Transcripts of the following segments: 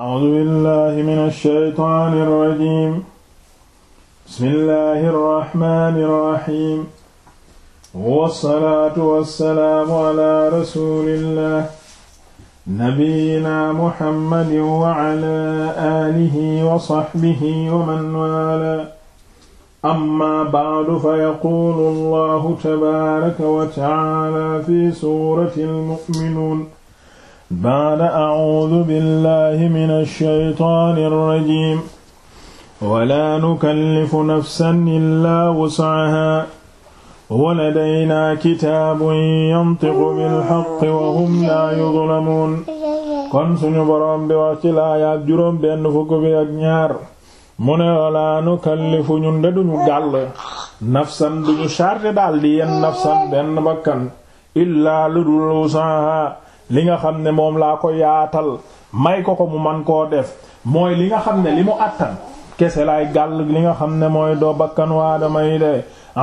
A'uuzu billaahi mina shaytaani rajiim. Bismillaahi rahmaani rahiim. Wassalaatu wassalaamu alaa rasuulillaah. Nabiyyinaa Muhammadin wa alaa aalihi wa sahbihi wa man waalaa. Ammaa ba'du fayaquulu Allaahu tabaaraka wa ta'aalaa fi suuratil mu'minuun. baada acuudu billahi min alshaytaani alrajim wala nukallifu nafsan illaa wuscahaa waladaynaa kitaabun yantiqu bilxaqi wa hum laa yudlamuun kon suñu boroom bi wax ci laayaab juróom benn fukk bi ak ñaar mu ne walaa nukallifu ñun de duñu gàll nafsan duñu charte daal di yenn nafsan benn bakkan illaa lu dul wuscahaa li nga xam ne moom laa ko yaatal may ko ko mu man koo def mooy li nga xam ne li mu àttan kese laay gàll li nga xam ne mooy doo bakkan waa dama yi de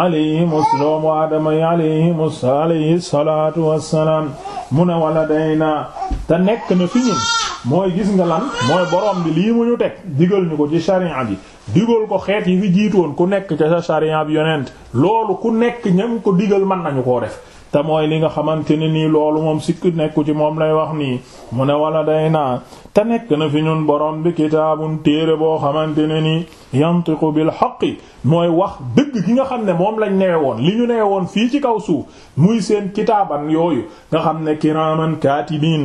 alayhimu doomu aadama yi alayhimu alayhi salaatu wassalaam mu ne wala day naa te nekk na fi ñun mooy gis nga lan mooy borom bi lii mu ñu teg digal ñu ko ci sharia bi digal ko xeet yi fi jiitoon ku nekk ca sa bi yonent loolu ku nekk ñam ko digal mën nañu koo def te mooy li nga xamante ne nii loolu moom sikku nekku ci moom lay wax nii mu ne wala day naa te nekk na fi ñun borom bi kitaabun téere boo xamante ne nii yantiqu bil haqqi mooy wax dëgg gi nga xam ne moom lañ newe woon li ñu newe woon fii ci kaw suuf muy seen kitaaban yooyu nga xam ne kiraaman kaatibiin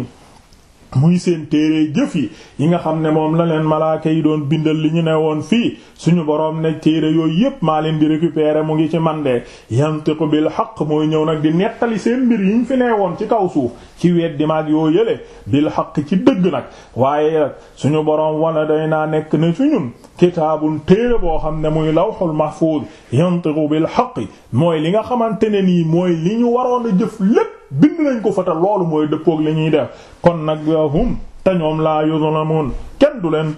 muy seen téere jëf yi yi nga xam ne moom la leen malaaka yi doon bindal li ñu ne woon fii suñu boroom ne téere yooyu yépp maa leen di récupérer mu ngi ci mandee yantiqu bil xaq mooy ñëw nag di nettali seen mbir yi ñu fi woon ci kaw suuf ci weet di maag yoo yële bil haqq ci dëgg nag waaye suñu boroom wala day naa nekk na ci ñun kitaabun téere boo xam ne muy lawhul mahfuz yantiqu bil yi mooy li nga xamante ne nii mooy li ñu waroon a jëf lépp bind nañ ko fa loolu mooy dëppook li ñuy def kon nag wa hum te ñoom laa moon kenn du leen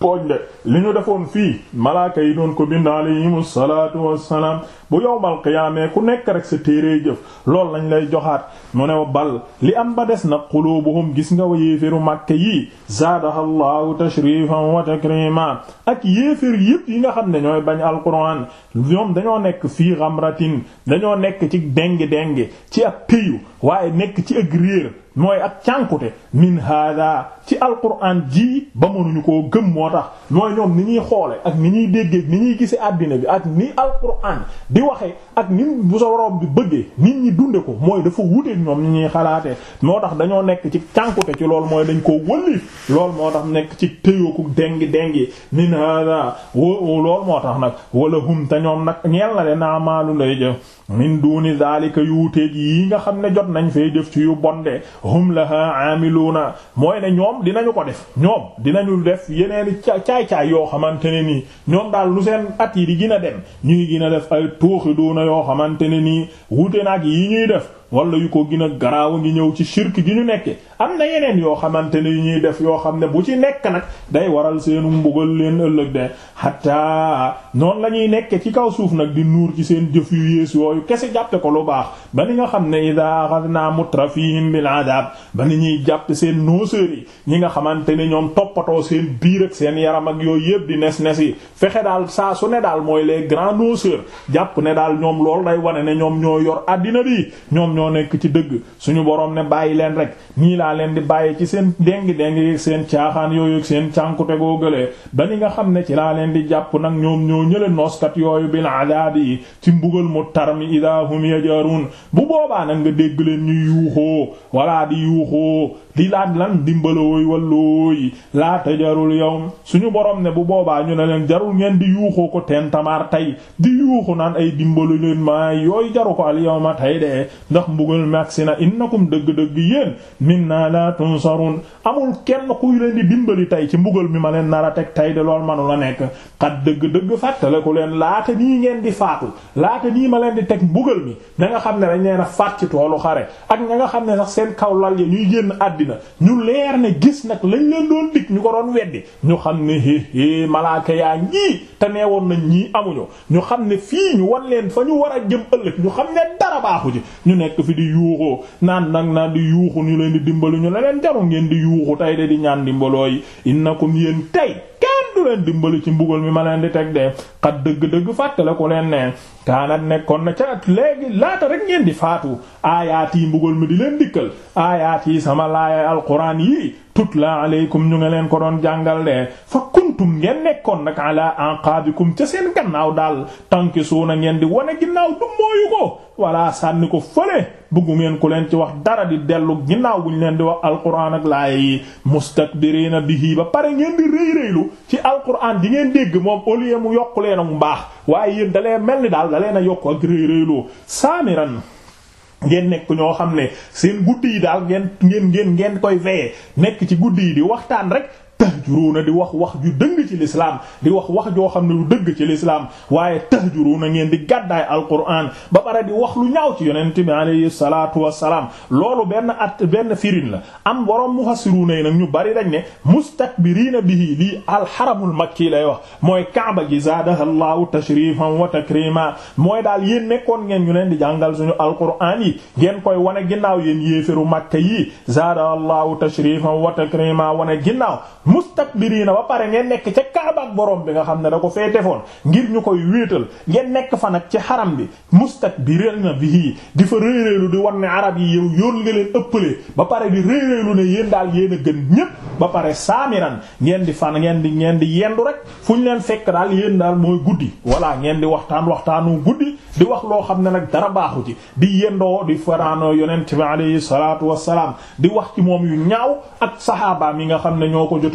tooñ de li ñu defoon fii malaaka yi doon ko bind alayhimu salaatu wassalaam bu yowmal qiyaamee ku nekk rek sa téere jëf loolu lañ lay joxaat mu new bal li am ba des nag quluubuhum gis nga wa yéeféru Makka yi zaadaha Allahu tashrifan wa takrima ak yéefér yépp yi nga xam ne ñooy bañ alquran ñoom dañoo nekk fii ghamratin dañoo nekk ci déng-déng ci ak péyu waaye nekk ci ak réer mooy ak cànkute min hada ci alquran ji ba mënuñu koo gëm moo tax mooy ñoom ni ñuy xoole ak ni ñuy déggee ni ñuy gisee àddina bi ak ni alquran di waxee ak ni bu sa bi bëggee nit ñi dunde ko mooy dafa wuteek ñoom ni ñuy xalaatee moo tax dañoo nekk ci cànkute ci lool mooy dañ koo wëlliif lool moo tax nekk ci téyooku dengi dengi min hada lool moo tax nag wala hum te ñoom nag ñeel naa leen amaalu lay min duni daalika yu wuteeg yi nga xam ne jot nañ fee def ci yu bonde hum laha aamiluuna mooy ne ñoom dinañu ko def ñoom dinañu def yeneeni caay-caay yoo xamante ne nii ñoom daal lu seen at yi di gën a dem ñuy gën a def ay tuuxi duuna yoo xamante ne nii wute naag yi ñuy def wala yu ko gën a garaaw ngi ñëw ci shirk gi ñu nekke am na yeneen yoo xamante ne ñuy def yoo xam ne bu ci nekk nag day waral seenu mbugal leen ëllëg de hatta noonu la ñuy nekke ci kaw suuf nag di nuur ci seen jëf yu yées yooyu kese jàppe ko lu baax ba ni nga xam ne ida axadna mutrafihim bil adab ba ni ñuy jàpp seen nooseur yi ñi nga xamante ne ñoom toppatoo seen biir ak seen yaram ak yooyu yëpp di nes nes yi fexe daal saa su ne daal mooy les grands noceurs jàpp ne daal ñoom loolu day wane ñoom ñoo yor àddina ñoo nekk ci dëgg suñu borom ne bàyyi leen rek nii laa leen di bàyyi ci seen déngi déngi yeeg seen caaxaan yooyu ak seen cànkute goo gëlee ba ni nga xam ne ci laa leen di jàpp nag ñoom ñoo ñële nooskat yooyu bil adaabi ci mbugal mu tarmi idahum yajarun bu boobaa nag nga dégg leen ñuy yuuxoo wala di yuuxoo di laaj lan dimbalooy wallooyi laata jarul su ñu borom ne bu boobaa ñu ne leen jarul ngeen di yuuxoo ko teen tentamaar tey di yuuxu naan ay dimbalu leen maay yooyu jaru ko al yawma tey de ndax mbugal maksi na innakum dëgg-dëgg yéen minna la tunsarun amul kenn kuy leen di dimbali tey ci mbugal mi ma leen nar a teg tey de lool manu la nekk xat dëgg-dëgg fàttale ko leen laata nii ngeen di faatu laata nii ma leen di teg mbugal mi ña nga xam ne dañ leen a faat ci toolu xare ak ña nga xam ne sax seen kaw lal ya ñuy génn àddina àddina ñu leer ne gis nag lañ leen doon dig ñu ko doon weddi ñu xam ne hé hé malaaka yaa ngii te nee woon nañ ñii amuñu ñu xam ne fii ñu wan leen fa ñu war a jëm ëllëg ñu xam ne dara baaxu ci ñu nekk fi di yuuxoo naan nag naan di yuuxu ñu leen di dimbalu ñu la leen jaru ngeen di yuuxu tey de di ñaan dimbaloo yi innakum yéen tey kenn du leen dimbali ci mbugal mi ma leen di teg de xat dëgg-dëgg fàttale ku leen ne kaanat nekkoon na ca léegi laata rek ngeen di faatu aayaat yi mbugal mi di leen dikkal aayaat yi sama laaya alquran yii tutla aleykum ñu nga leen ko doon jàngal de kuntum ngeen nekkoon nag ala anqabikum ca seen gannaaw daal tànki suuna ngeen di wane ginnaaw du ko walla sànni ko fële bëggu ngeen ku leen ci wax dara di dellu ginnaaw bu ñu leen di wax alquran ak laaya yi mustakbirina bihi ba pare ngeen di rëy rëylu ci alquran di ngeen dégg moom au lieu mu yokk leen ak mbaax waaye yéen dalee mel ni daal dalee na yokk ak rëy rëyloo saamiran ngeen nekk ñoo xam ne seen guddi yi daal ngeen ngeen ngeen ngeen koy veye nekk ci guddi yi di waxtaan rek tahjuruuna di wax wax ju dëng ci lislaam di wax wax joo xam ne lu dëgg ci lislaam waaye tahjuruuna ngeen di gàddaay alquran ba pare di wax lu ñaaw ci yonent bi alayhi salaatu wassalaam loolu benn at benn firin la am borom mufassiruuna yi nag ñu bari dañ ne mustakbiriina bihi lii alxaramul makki lay wax mooy kaaba gi zaadaha llahu tashrifan wa takrima mooy daal yéen nekkoon ngeen ñu leen di jàngal suñu alquran yi ngeen koy wane ginnaaw yéen yéeferu makka yi zaadaha llahu tashrifan wa takrima wane ginnaaw mustakbiriina ba pare ngeen nekk ca kaabaak borom bi nga xam ne da ko fee defoon ngir ñu koy wéetal ngeen nekk fa nag ci xaram bi mustakbiriina bihi di fa réeréelu di wan ne arab yi yow yoon nga leen ëppalee ba pare di réeréelu ne yéen daal yéen a gën ñépp ba pare saamiran ngeen di fan ngeen di ngeen di yendu rek fu leen fekk daal yéen daal mooy guddi voilà ngeen di waxtaan waxtaanu guddi di wax loo xam ne nag dara baaxu ci di yendoo di faraano yonent bi alayhi salaatu wassalaam di wax ci moom yu ñaaw ak saxaabaam yi nga xam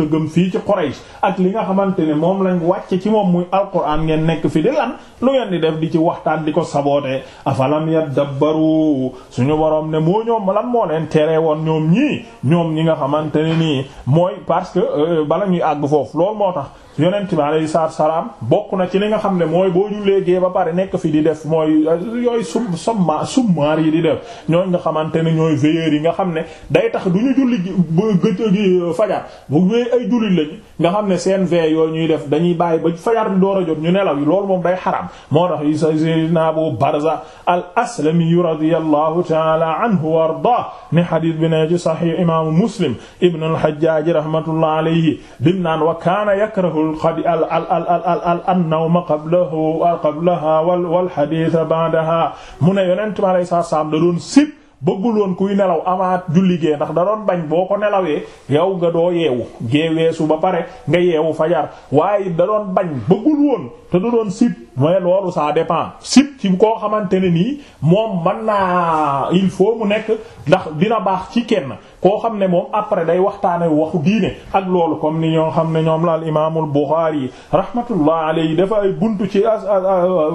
gëm fii ci Quraysh ak li nga xamante ne moom lañ wàcce ci moom muy alquran ngeen nekk fi di lan lu ngeen di def di ci waxtaan di ko saboote afalam yadabbaru suñu borom ne moo ñoom lan moo leen teree woon ñoom ñii ñoom ñi nga xamante ne nii mooy parce que euh, bala ñuy àgg foofu loolu moo tax yonent bi alayhi salaam bokk na ci li nga xam ne mooy boo jullee gee ba pare nekk fi di def mooy euh, yooy sum somma summaar yi di def ñooñ nga xamante ne ñooy veilleurs yi nga xam ne day tax du ñu julli gëj euh, fajar bu ay julli lañ nga xam ne seen veille yooyu ñuy def dañuy bàyyi ba fajar bi door jot ñu nelaw yi loolu moom day xaram moo tax yi sa sayyidina Abu Barza al aslami radiyallahu ta'ala anhu wa ardah ni xadis bi ne ci sahih imaamu Muslim ibn al-Hajjaj rahmatullah alayhi bim naan wa kaana yakrahu xadi al al al al al annawma qablahu qablaha wal wal xadiisa ba'daha mu ne yonent ma lay saa saam da doon sib bëgguloon kuy nelaw amaat julli gee ndax da doon bañ boo ko nelawee yow nga doo yeewu gee weesu ba pare nga yeewu fajar waaye da doon bañ bëggul woon te du doon sib mooy loolu ça dépend sib ci koo xamante ne nii moom man naa il faut mu nekk ndax dina baax ci kenn koo xam ne moom après day waxtaane waxu diine ak loolu comme ni ñoo xam ne ñoom la al imaamul Buxaari rahmatullah alayhi dafa ay buntu ci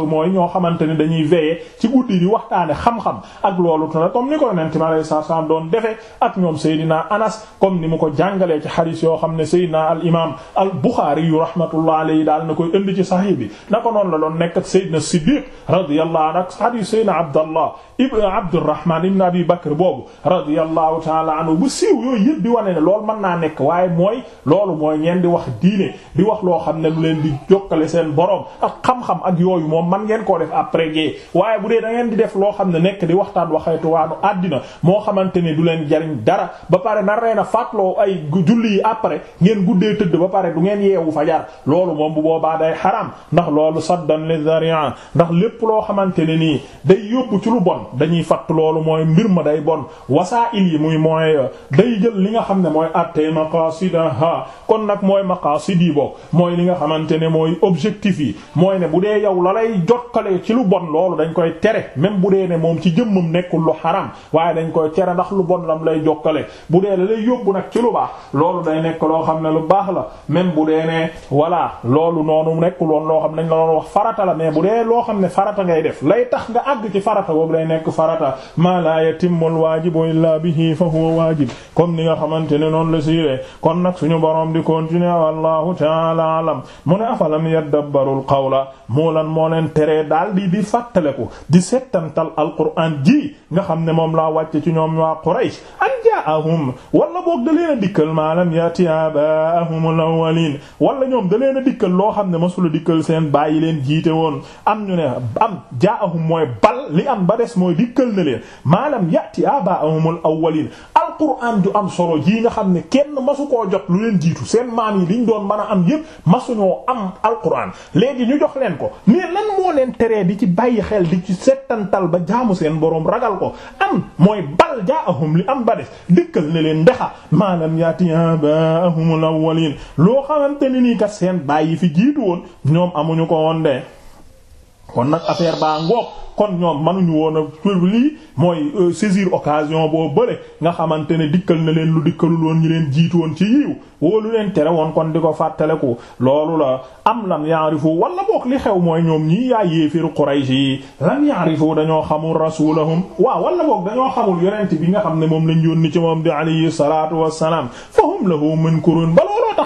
mooy ñoo xamante ne dañuy veiller ci guddi di waxtaane xam-xam ak loolu tuna comme ni ko yonent mi alayhi salaatu salaam doon defee ak ñoom Seydina Anas comme ni mu ko jàngalee ci xadiis yoo xam ne Seydina al imaam al Buxaari yu rahmatullah alayhi daal na koy indi ci Sahih bi bi naka noonu la doon nekk ak Seydina Siddiq radiyallahu anhu ak hadiis Seydina Abdallah ibn Abdurrahman ibn Abi Bakr boobu radiyallahu ta'ala anhu bu siiw yooyu yëpp di wane ne loolu mën naa nekk waaye mooy loolu mooy ngeen di wax diine di wax loo xam ne lu leen di jokkale seen borom ak xam-xam ak yooyu moom man ngeen koo def après gée waaye bu dee da ngeen di def loo xam ne nekk di waxtaan waxeetuwaanu àddina moo xamante ne du leen jariñ dara ba pare nar leen a fàttaloo ay julli yi après ngeen guddee tëdd ba pare du ngeen yeewu fajar loolu ndax loolu saddan li zari'a ndax lépp loo xamante ne nii day yóbbu ci lu bon dañuy fatt loolu mooy mbir ma day bon wasaa'il yi muy mooy day jël li nga xam ne mooy attey maqasidaha kon nag mooy maqasid yi bokk mooy li nga xamante ne mooy objectif yi mooy ne bu dee yow la lay jokkale ci lu bon loolu dañ koy tere même bu dee ne moom ci jëmmam nekkul lu xaram waaye dañ koy tere ndax lu bon lam lay jokkale bu dee la lay yóbbu nag ci lu baax loolu day nekk loo xam ne lu baax la xam nañ la doon wax farata la mais bu dee loo xam ne farata ngay def lay tax nga àgg ci farata boobu lay nekk farata ma la yatimmul waajibu illaa bihi fa huwa waajib comme ni nga xamante ne la siiree kon nag suñu boroom di continuer wallahu ta'ala alam mu ne afalam yaddabbarul qawla moo lan moo leen daal di di fàttaleku di settantal alquraan ji nga xam ne moom laa wàcce ci ñoom waa Quraysh ahum wala boog da leen a dikkal maalam yaati abaahum al awwalin a seen bàyyi leen jiite woon am ñu ne am jaahum mooy bal li am ba des mooy dikkal na leen maalam yati abaahumul awwalin alquran ju am solo jii nga xam ne kenn masu koo jot lu leen seen maam yi doon mën a am yépp masuñoo am alquran léegi ñu jox leen ko mais lan teree di ci bàyyi xel di ci settantal ba jaamu seen boroom ragal ko mooy bal jaahum li am ba des na leen ndexa maalam yati abaahumul awwalin ni nii kat seen bàyyi fi jiitu woon ñoom amuñu ko woon de kon nag affaire baa ngoog kon ñoom mënuñu woon a lii mooy euh, saisir occasion boo bële nga xamante ne dikkal na leen lu dikkalul woon ñi leen jiitu ci yiw wóolu kon di ko fàttaleku loolu la am lam yaarifu wala boog li xew mooy ñoom ñii yaay yéefiru Quraysh yi lam yaarifu dañoo xamul rasulahum waaw wala boog dañoo xamul yonent bi nga xam ne moom lañ yónni ci moom bi alayhi salaatu wassalaam fahum lahu munkurun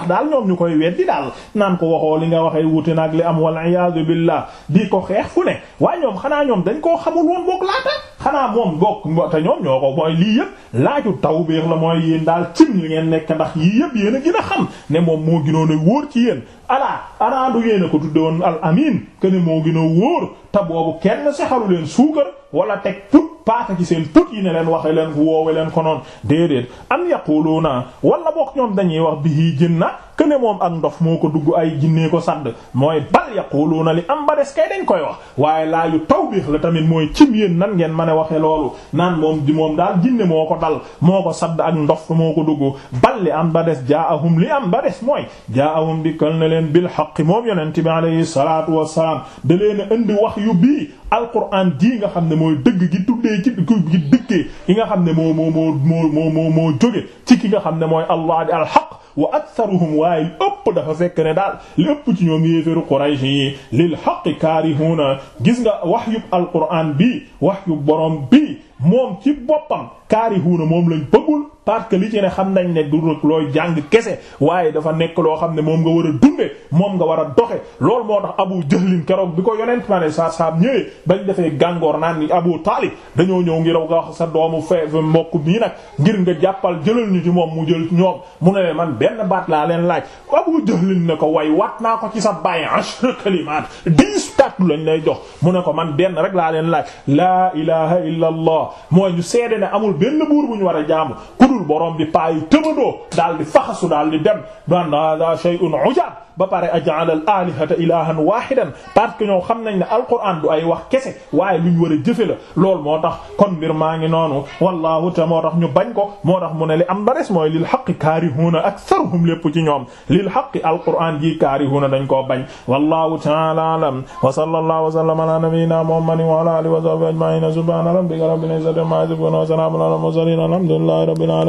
daal ñoom ñu koy weddi daal naan ko waxoo li nga waxee wuute naak li am wal iyaadu billah di ko xeex fu ne waaye ñoom xanaa ñoom dañ koo xamul woon boog laata xanaa moom bokk te ñoom ñoo ko mooy lii yëpp laaju taw biir la mooy yéen daal cin li ngeen nekk ndax yii yëpp yéen a xam ne moom moo gënoon a wóor ci yéen alaa alaa du yéen ko tudde woon al amin que ne moo gën wóor te boobu kenn saxalu leen suukar wala teg put paaka ci seen put yi ne leen waxe leen ko woowe leen konoon noon déedéet am yaquluuna wala bokk ñoom dañuy wax bihi jinna këne moom ak ndof moo ko dugg ay jinnee ko sadd mooy bal yaquluuna li am ba des kay dañ koy wax waaye laa yu tawbiix la tamit mooy cim yéen nan ngeen mën a waxe loolu naan moom di moom daal jinne moo ko dal moo ko sadd ak ndof moo ko dugg bal li am ba des jaahum li am ba des mooy jaahum dikkal na leen bil haqq moom yonente bi alayhi salaatu wassalaam da leen a indi wax yu bii alquran jii nga xam ne mooy dëgg gi tuddee gi dëkkee yi nga xam ne moo moo moo moo moo moo jóge ci ki nga xam ne mooy allah di alhaq wa aktharuhum waaye li ëpp dafa fekk ne daal li ëpp ci ñoom yéeféru Quraysh yi lil haqqi kaarihuuna gis nga waxyub alquraan bi waxyub borom bi moom ci boppam kaarihuuna moom lañ bëggul parce que li ci ne xam nañ ne du rek looy jàng kese waaye dafa nekk loo xam ne moom nga war a dunde moom nga war a doxe lool moo tax Abu Jahlin keroog bi ko yonent ma ne sa saam ñëwee defee gàngoor naan ni Abu Taalib dañoo ñëw ngir nga wax sa doomu fee mbokk nii nag ngir nga jàppal jëlal ci moom mu jël ñoom mu ne man benn baat laa leen laaj Abu Jahlin ne ko way wat naa ko ci sa bàyyi ashra kalimaat dix tàttu lañ lay jox mu ne ko man benn rek laa leen laaj laa ilaha illa allah mooy ñu seede ne amul benn buur bu ñu war a jaamu ludul borom bi paa yi tëbadoo daal di faxasu daal di dem daan hada shay'un ujab ba pare aj'ala al alihata ilahan wahidan parce que ñoo xam nañ ne alquran du ay wax kese waaye luñ war a jëfe la loolu moo tax kon mbir maa ngi noonu wallahu ta moo tax ñu bañ ko moo tax mu ne li am ba des mooy lil haqqi kaarihuuna aktharuhum lépp ci ñoom lil haqqi alquran ji kaarihuuna dañ koo bañ wallahu ta'ala a'lam wa sallallahu wa sallama ala nabiyyina muhammadin wa ala alihi wa sahbihi ajma'in subhana rabbika rabbil izzati amma yasifun wa salamun ala al mursalin alhamdulillahi rabbil alamin